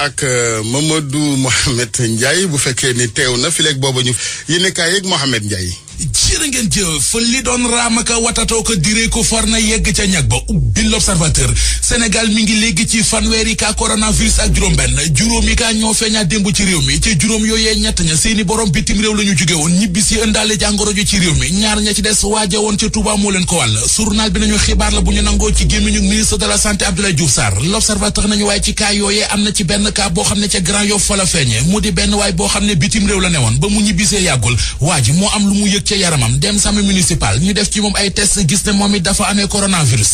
ak euh, du Mohamed Ndiaye bu fekkee ni teew na fileek booba ñu yéen kaay yeeg Mohamed Ndiaye. jër jërë ngeen jëf li doon raamaka watatoo ko diree ko for na yegg ca ñag ba ubbi l'observateur Sénégal mi ngi léegi ci fanweeri ka coronavirus ak juróom-benn juróomi ka ñoo feeñaa démb ci réew mi ci juróom yooyee ñett ña seeni borom bitim réew la ñu jóge woon ñibbi si ëndaale jàngoro ji ci réew mi ñaar ña ci des waaja woon ca Touba moo leen ko wàll journal bi nañu xibaar la bu ñu nangoo ci gémmiñu ministre de la santé Abdoulaye Diouf Sarr l'observateur nañu waaye ci kaa yooyee am na ci benn kaa boo xam ne ca Grand Yoff fa la feeñe mu di benn waay boo xam ne bitim réew la newoon ba mu ñibbisee yàggul waa ji am lu mu yëg ca yaram yaramam dem sami municipal ñu def ci moom ay test gis ne moom it dafa amee coronavirus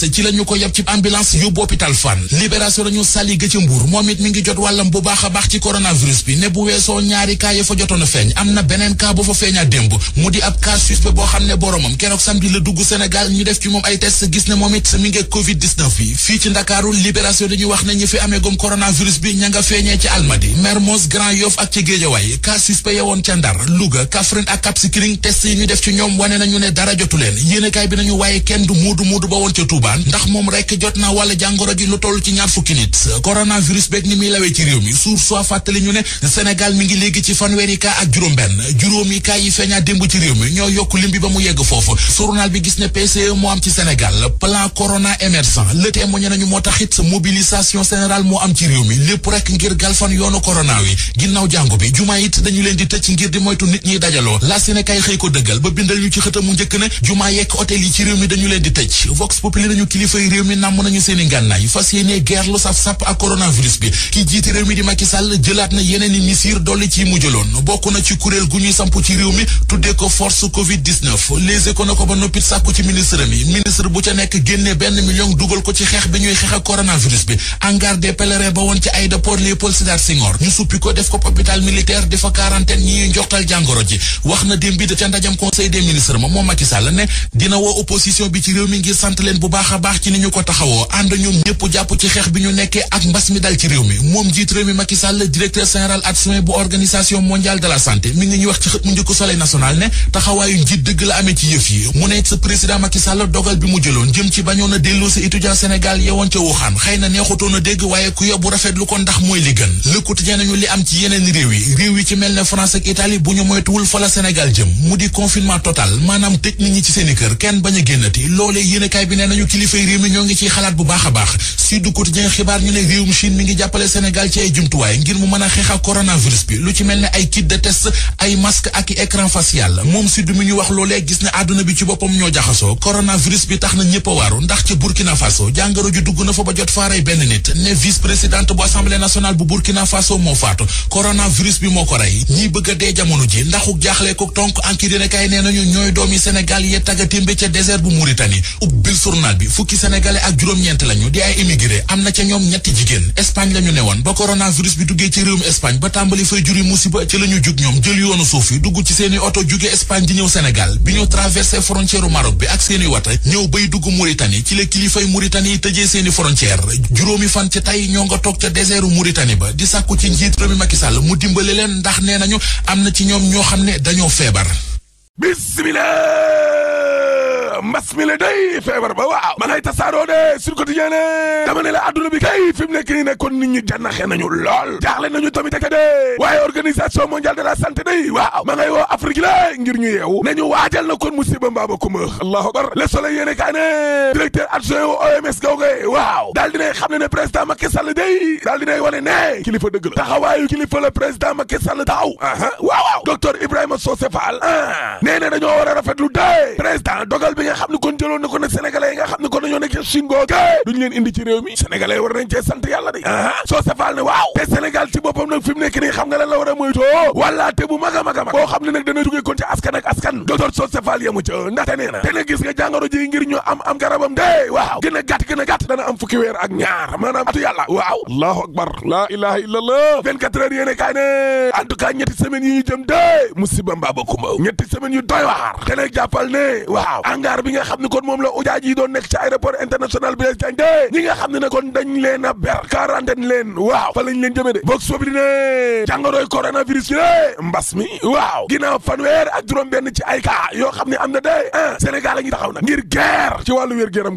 bi ne bu weesoo ñaari cas fa jotoon feeñ am na beneen cas fa feeñaa démb mu di ab cas suspect boo xam ne boromam keroog samedi la dugg Sénégal ñu def ci moom ay test gis ne moom it mi ngi covid 19 bi fii ci Ndakaaru libération dañuy wax ne ñi fi amee gom coronavirus bi ña nga feeñee ci Almadi Mermoz Grand Yoff ak ci Géejawaay cas suspect yewoon ca Ndar ñoom wane nañu ne dara jotu leen yéenekaay bi nañu waaye kenn du muudu muudu ba woon ca Tuubaa ndax moom rekk jot na walla jàngoro ji lu toll ci ñaar fukki nit coronavirus beeg ni muy lawee ci réew mi suuf soo fàttali ñu ne Sénégal ngi léegi ci fanweeri kaa ak juróom-benn juróomi kaa yi feeñaa démb ci réew mi ñoo yokk lim bi ba mu yegg foofu journal bi gis ne PCE moo am ci Sénégal plan corona émergent le témoigné nañu moo tax it mobilisation générale moo am ci réew mi lépp rekk ngir galfan yoonu corona wi ginnaaw jàngu bi jumaa it dañu leen di tëj ngir di moytu nit ñiy dajaloo la xëy ko dëggal bindal ci xëtam njëkk ne jumaa yekk hôtel yi ci réew mi dañu leen di tëj vox populi nañu kilifa réew mi namm nañu seen ngànnaay fas yéene guerre lu saf sap ak coronavirus bi ki jiite réew mi di Macky Sall jëlaat na yeneen i misir dolli ci mujjaloon bokk na ci kuréel gu ñuy samp ci réew mi tuddee ko force covid 19 léegi ko na ko ba noppit sàkku ci ministre mi ministre bu ca nekk génne benn million dugal ko ci xeex bi ñuy xeex ak coronavirus bi da des ministres ma moom Macky Sall ne dina woo opposition bi ci réew mi ngir sant leen bu baax a baax ci ni ñu ko taxawoo ànd ñoom ñëpp jàpp ci xeex bi ñu nekkee ak mbas mi dal ci réew mi moom jiit réew mi Macky Sall directeur général adjoint bu organisation mondiale de la santé mi ngi ñuy wax ci xët mu njëkk soleil national ne taxawaayu njiit dëgg la amee ci yëf yi mu ne sa président Macky Sall dogal bi mu jëloon jëm ci bañoon a delloo sa total maanaam tëj ñi ci seen i kër kenn bañ a génnati loolee yéenekaay bi nee nañu kilifay réew mi ñoo ngi ciy xalaat bu baax baax si du quotidien xibaar ñu ne réewum Chine mi ngi jàppale Sénégal ci ay jumtuwaay ngir mu mën a xeex ak bi lu ci mel ne ay kit test ay masque ak i écran facial moom si mi ñu wax loolee gis ne àdduna bi ci boppam ñoo jaxasoo coronavirus bi tax na ñëpp waaru ndax ca Burkina Faso jàngoro ju dugg na fa ba jot faaray nañu ñooy doomi Sénégal yee taggatémbe ca désert bu Mauritanie ubbil journal bi fukki sénégalais ak juróom-ñeent lañu di ay immigré am na ca ñoom ñetti jigéen Espagne lañu ne woon ba coronavirus bi duggee ci réewum Espagne ba tàmbali fay juri musiba ci la ñu ñoom jël yoonu suuf yi dugg ci seeni oto jugee Espagne di ñëw Sénégal bi ñu traversé frontière Maroc bi ak seeni wata ñëw bay dugg Mauritanie ci la kilifay Mauritanie yi tëjee seeni frontière juróomi fan ca tey nga toog ca désertu Mauritanie ba di sàkku ci njiit réew mi Macky Sall mu dimbale leen ndax nee na ci ñoom ñoo xam ne dañoo feebar bismillah mbas mi la day feebar ba waaw ma ngay tasaaroo de sur quotidien la adduna bi kay fi mu nekk nii ne kon nit ñi jànnaxee nañu lool jaaxle nañu tamit ak waaye organisation mondiale de la santé day waaw ma ngay woo Afrique la ngir ñu yeewu nañu waajal na kon musiba mbaaba kuma allahu akbar le soleil yéene kaa ne directeur adjoint wu OMS gawge waaw daal dinay xam ne ne président Macky Sall day daal dinay wane kilifa dëgg la taxawaayu kilifa la président ah. a xam ne kon jëloon na ko ne sénégalais yi nga xam ne kon dañoo nekkee Chine googe duñu leen indi ci réew mi sénégalais war nañ cee sant yàlla de soo safaal ne waaw te sénégal ci boppam nag fi nekk nii xam nga lan la war a te bu mag a mag a boo xam ne nag dana jógee kon ci askan askan docteur soo safaal yamu ca ndaxte nee na te gis nga jàngoro ji ngir ñu am am garabam de waaw gën a gàtt gën a gàtt dana am fukki weer ak ñaar maanaam atu yàlla waaw allahu nga xam ne kon moom la ujaaj ci a yoo xam ne am ah a ngir guerre ci wàllu wér-gu-yaram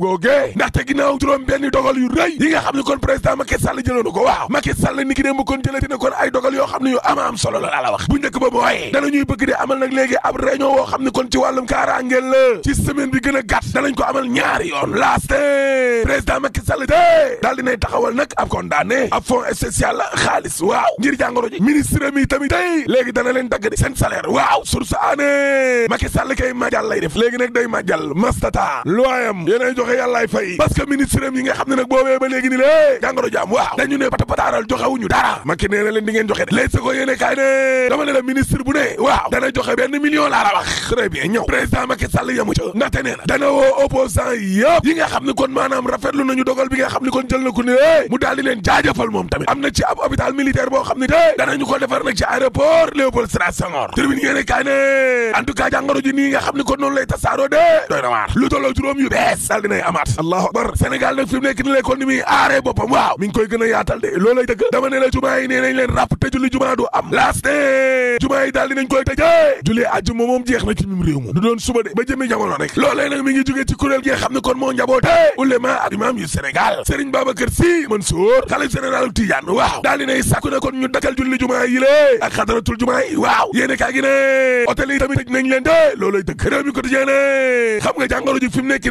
ndaxte ginnaaw juróom benn dogal yu rëy yi nga xam ne kon président Macky Sall jëloon ko waaw Macky Sall ni ki kon jëlati na kon ay dogal yoo xam ne yu ama am solo la la wax bu njëkk ba mooy danañuy bëgg di amal nag léegi ab réunion woo xam ne kon ci wàllum kaaraangeel la ci semaine bi gën a gàtt danañ ko amal ñaari yoon laaste président Macky Sall de daal dinay taxawal nag ab condamné ab fonds spécial la xaalis waaw ngir jàngoro ji ministre mi tamit tey léegi dana leen dagg di seen salaire waaw source aané Macky Sall kay majal lay def léegi nag day majal mastata looyam yéenay joxe yàllaay fay parce que ministre yi nga xam ne nag boobee ba léegi ni lée jàngoro jaam waaw dañu ne pata pataaral joxewuñu dara Macky nee na leen de la ministre bu ne waaw na dana woo opposant yëpp yi nga xam ne kon maanaam rafetlu nañu dogal bi nga xam ne kon jël na ko ne eh, mu daal di leen jaajëfal moom tamit am na ci ab hôpital militaire boo xam ne eh, te danañu ko defar nag ci aéroport Léopold Sédar Senghor tribune yéene kaay ne en tout de doy na waar lu juróom yu bees daal dinay amaat allahu akbar Sénégal nag fi mu nekk ni lay kon ni muy aaree boppam waaw mi ngi koy gën a yaatal de loolay dëgg dama ne la jumaa yi nee nañ leen ràpp te moom jeex na ci waaye nag mi ngi jógee ci kuréel gi nga xam ne kon moo njaboote ulema ni kon mi ngi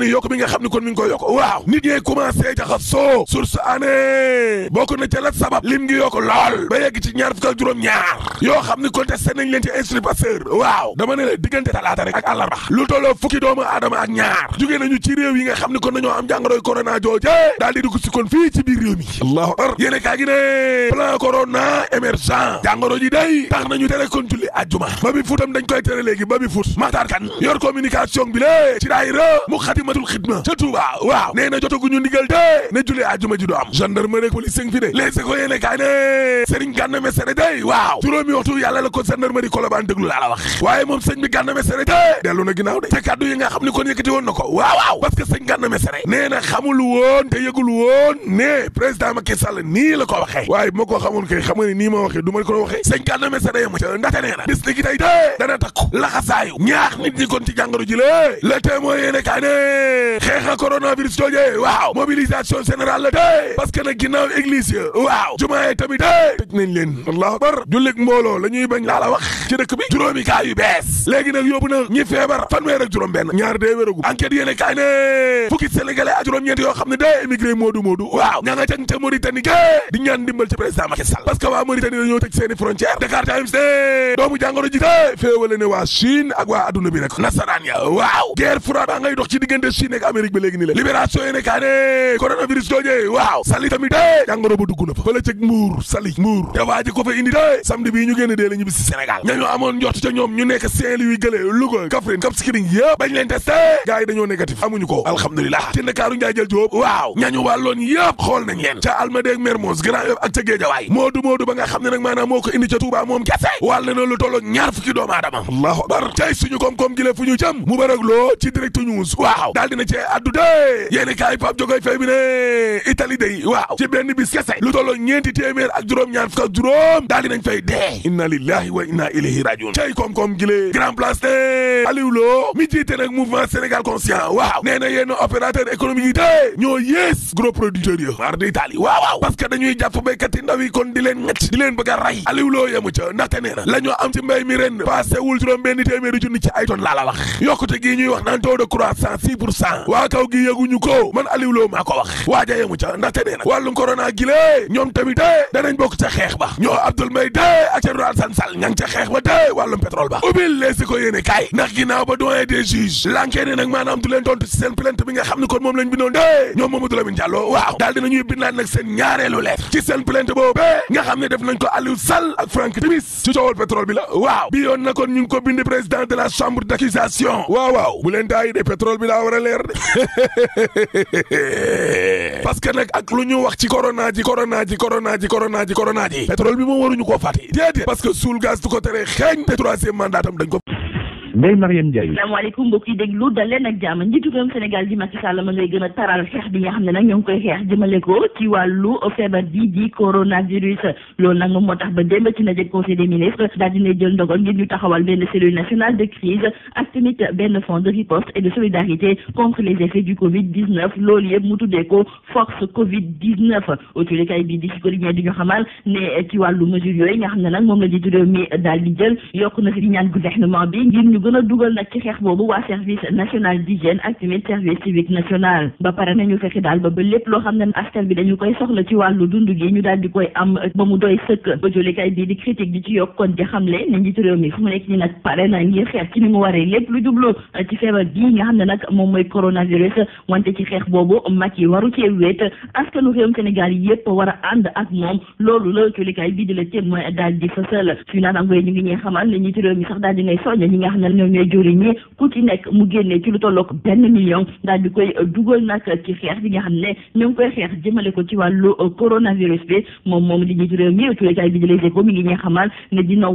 waaw nit ñee commencé jaxasoo source année bokk na ca la sabab lim ngi yokk lool ba yegg ci ñaar fukk ak juróom ñaar yoo xam ne contesté nañ leen ci Institut Pasteur waaw dama diggante talaata rek ak àllarba lu tolloo fukki doomu aadama ak ñaar jógee nañu ci réew yi nga xam ne kon nañoo am jàngoroy corona jooje daal dugg si kon fii ci biir réew mi allahu akbar yéene plan corona émergent jàngoro ji day tax nañu tere kon julli ajjuma ba bi futam dañ koy tere léegi ba bi fut maxtaar kan yor communication bi lée ci daayira mu xatimatul xidma ca Tuuba waaw nee jotaguñu ndigal de ne julli ajjuma ji du am gendarmerie police sëñ fi de léegi ko yéene kaay ne sëriñ gànna mesere day waaw juróomi waxtu yàlla la ko gendarmerie Colobane déglu laa la wax waaye moom sëñ bi yëkkati woon na ko waaw waaw parce que sëñ Gana Messere nee na woon te yëgul woon ne président Macky Sall nii la ko waxee waaye moo ko xamoon kay xam nga ne nii ma waxee du ma ko waxee sëñ Gana Messere ma ca ndaxte nee na bis ni ki tey dee dana takku laxasaayu ñaax nit ñi kon ci jàngoro ji le le témoin yéene kaa ne xeexa coronavirus joojee waaw mobilisation générale la dee parce que nag ginnaaw église ya waaw jumaa yi tamit dee tëj nañ leen allahu akbar jullit mbooloo la ñuy la wax ci dëkk bi juróomi kaa yu bees léegi nag yóbbu na ñi feebar wéragu enquête yéene kaay ne fukki sénégalais ak juróom yoo xam ne day émigré moodu moodu waaw ña nga ca ca Mauritanie ke di ñaan dimbal ci président Macky Sall parce que waa Mauritanie dañoo tëj seeni frontière Dakar Times ne doomu jàngoro ji te féewale ne waa Chine ak waa adduna bi nag nasaraan ya waaw guerre froide a ngay dox ci diggante Chine ak Amérique ba léegi ni la libération yéene kaay coronavirus joojee waaw sali tamit dee jàngoro gars yi dañoo négatif amuñu ko alhamdulilah ci ndakaaru njaay jël jóob waaw ñañu wàlloon yëpp xool nañ leen ca almadeeg mermoz grand yof ak ca géejawaay moodu moodu ba nga xam ne nag maanaam moo indi ca tuubaa moom kese wàll lu tolloo ñaar fukki doomu aadama allahu akbar suñu koom-koom gi la fu mu barak loo ci direct news waaw daal dina cee addu dee yéeni kaay Pape Jogoy Faye bi ne Italie day waaw ci benn bis kese lu tolloo ñeenti téeméer ak ak juróom Sénégal conscient waaw nee na yéen opérateur économique yi té ñoo yées gros producteurs yi mar d'Italie waaw waaw parce dañuy jàpp béykat yi ndaw kon di leen ñett di leen bëgg a rey Aliou yemu ca ndaxte nee na la am ci mbéy mi ren passé wul juróom benn téeméeri junni ci ay laa la wax yokkute gii ñuy wax naan taux de croissance 6 pour cent waa kaw gi yëguñu ko man Aliou maa ko wax waaja yemu ca ndaxte nee na wàllum corona gilee ñoom tamit té danañ ne nag maanaam du leen tontu ci seen plainte bi nga xam ne kon moom lañ bindoon dee ñoom Mamadou Lamine Diallo waaw daal dinañuy bindaat nag seen ñaareelu lettre ci seen plainte boobu nga xam ne def nañ ko Aliou Sall bi la waaw bi na kon ñu ngi ko bind président de la chambre d'accusation waaw waaw bu de pétrole bi daa war a leer de parce que ak lu ñu wax ci corona ji corona ji corona ji corona ji corona ji pétrole bi moom waruñu suul gaz du ko tere xeeñ te troisième mandat ko Ndeye Mariam Ndiaye salaamaaleykum mbokk yi déglu dal leen ak jàmm njiitu Sénégal di Macky Sall ma ngay gën a taral xeex bi nga xam ne nag ñoo ngi koy xeex jëmale ko ci wàllu feebar bi di coronavirus loolu nag moom moo tax ba démb ci ndaje conseil des ministres daal dina jël ndogal ngir ñu taxawal benn cellule nationale de crise ak benn fonds de riposte et de solidarité contre les effets du Covid 19 loolu yëpp mu tuddee force Covid 19 autolikaay bi di ci na si gën a dugal nag ci xeex boobu waa service national d'hygiène ak tamit service civique national ba pare nañu fexe daal ba ba lépp loo xam ne askan bi dañu koy soxla ci wàllu dund gi ñu daal di koy am ba mu doy sëkk ba jolikaay bii di critique di ci yokkoon di xam ne nag moom mooy coronavirus wante ci xeex boobu mag yi waru cee wéet askanu réewum Sénégal yépp war a ànd ak moom loolu la jolikaay bii di la témoin daal di fësal suñu naataangoo ñu ngi ñuy xamal ne nag ñoom ñooy jëriñ ñi ku ci nekk mu génnee ci lu tollook benn million daal di koy dugal nag ci xeex bi nga xam ne ñoo ngi koy xeex jëmale ko ci wàllu coronavirus bi moom moom di njiitu réew mi turekaay bi di Les Échos mi ngi ñuy xamal ne dina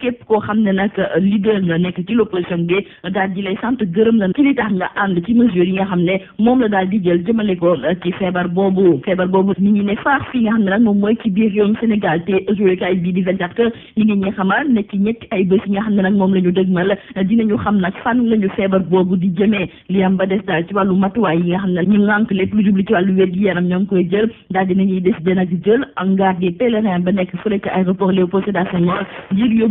képp koo xam ne nag leader nga nekk ci l'opposition bi daal di sant gërëm la ci li tax nga ànd ci mesures yi nga xam ne moom la daal di jël jëmale ko ci feebar boobu feebar boobu ni ñu ne faax fii nga xam ne nag moom mooy ci biir réewum Sénégal te turekaay bi di vingt-quatre heures mi ngi ñuy xamal ne ci ñetti ay bés yi nga xam ne nag moom la ñu dëgmal dinañu xam nag fan lañu feebar boobu di jëmee li am ba des daal ci wàllu matuwaay yi nga xam ne ñu ngànk lépp lu jublu ci wàllu wér gi yaram ñoo ngi koy jël daal dinañuy décidé di jël hangar des pèlerins ba nekk fële ca aéroport Léopold Sédar Senghor ngir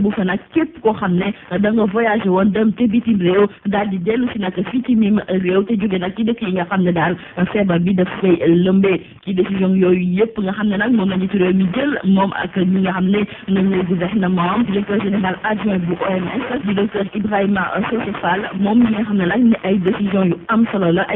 koo xam ne da nga woon dem te bitim réew daal di dellu nag fii ci mim réew te jóge nag ci dëkk yi nga xam ne daal feebar bi daf koy lëmbee ci décision yooyu yëpp nga xam ne nag moom la njiitu réew mi jël moom ak nga xam ne ñoom ñooy gouvernement directeur général adjoint bu OMS di Ibrahima Cheikh Fall moom mi la ay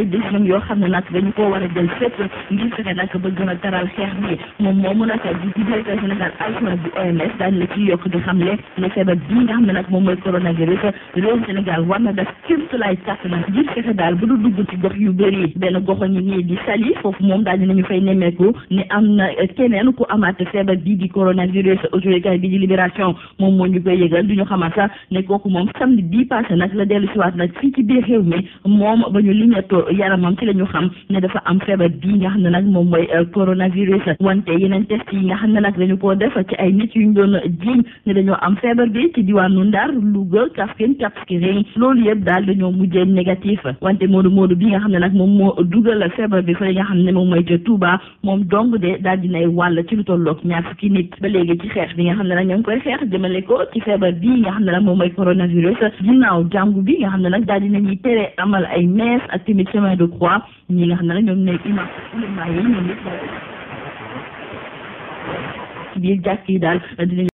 décision yoo xam ne nag dañu koo war a jël fépp ngir fexe nag ba gën a taral xeex bi moom moomu nag di directeur général adjoint bu OMS daan la ciy yokk di xam le ne feebar bii nga xam ne nag moom mooy coronavirus réew Sénégal war na def kéemtulaay kàttanam ngir fexe daal bu du dugg ci gox yu bëri benn goxo nii di sali foofu moom daal dinañu fay nemmeeku ni am na keneen ku amaat feebar bii di coronavirus autorité bi di libération moom moo ñu koy yëgal duñu xamal sax ne moom samedi samedi bii passé nag la dellu siwaat nag fii ci biir réew mi moom ba ñu liñatoo yaramam ci la ñu xam ne dafa am feebar bii nga xam ne nag moom mooy euh, coronavirus wante yeneen test yi nga xam ne nag dañu koo def ci ay nit yu ñu doon jiiñ ne dañoo am feebar bi ci diwaanu Ndar Louga Kaffrine Kapskiring loolu daal dañoo mujjee négatif wante Modou Modou bi nga xam ne nag moom bi fa nga xam ne moom mooy ca Touba moom dong de daal dinay wàll ci lu tolloog ñaar fukki nit ba léegi ci xeex bi nga xam ne nag ñoo ngi koy xeex jëmale ko ci feebar bii nga nag moom mooy coronavirus tas ginnaaw jàngu bi nga xam ne nag daal di nañuy tere amal ay messe ak tamit chemin de croix ñi nga xam ne nag ñoom nekk imam ulama yi ñoom yëpp daal ci biir jàkk yi daal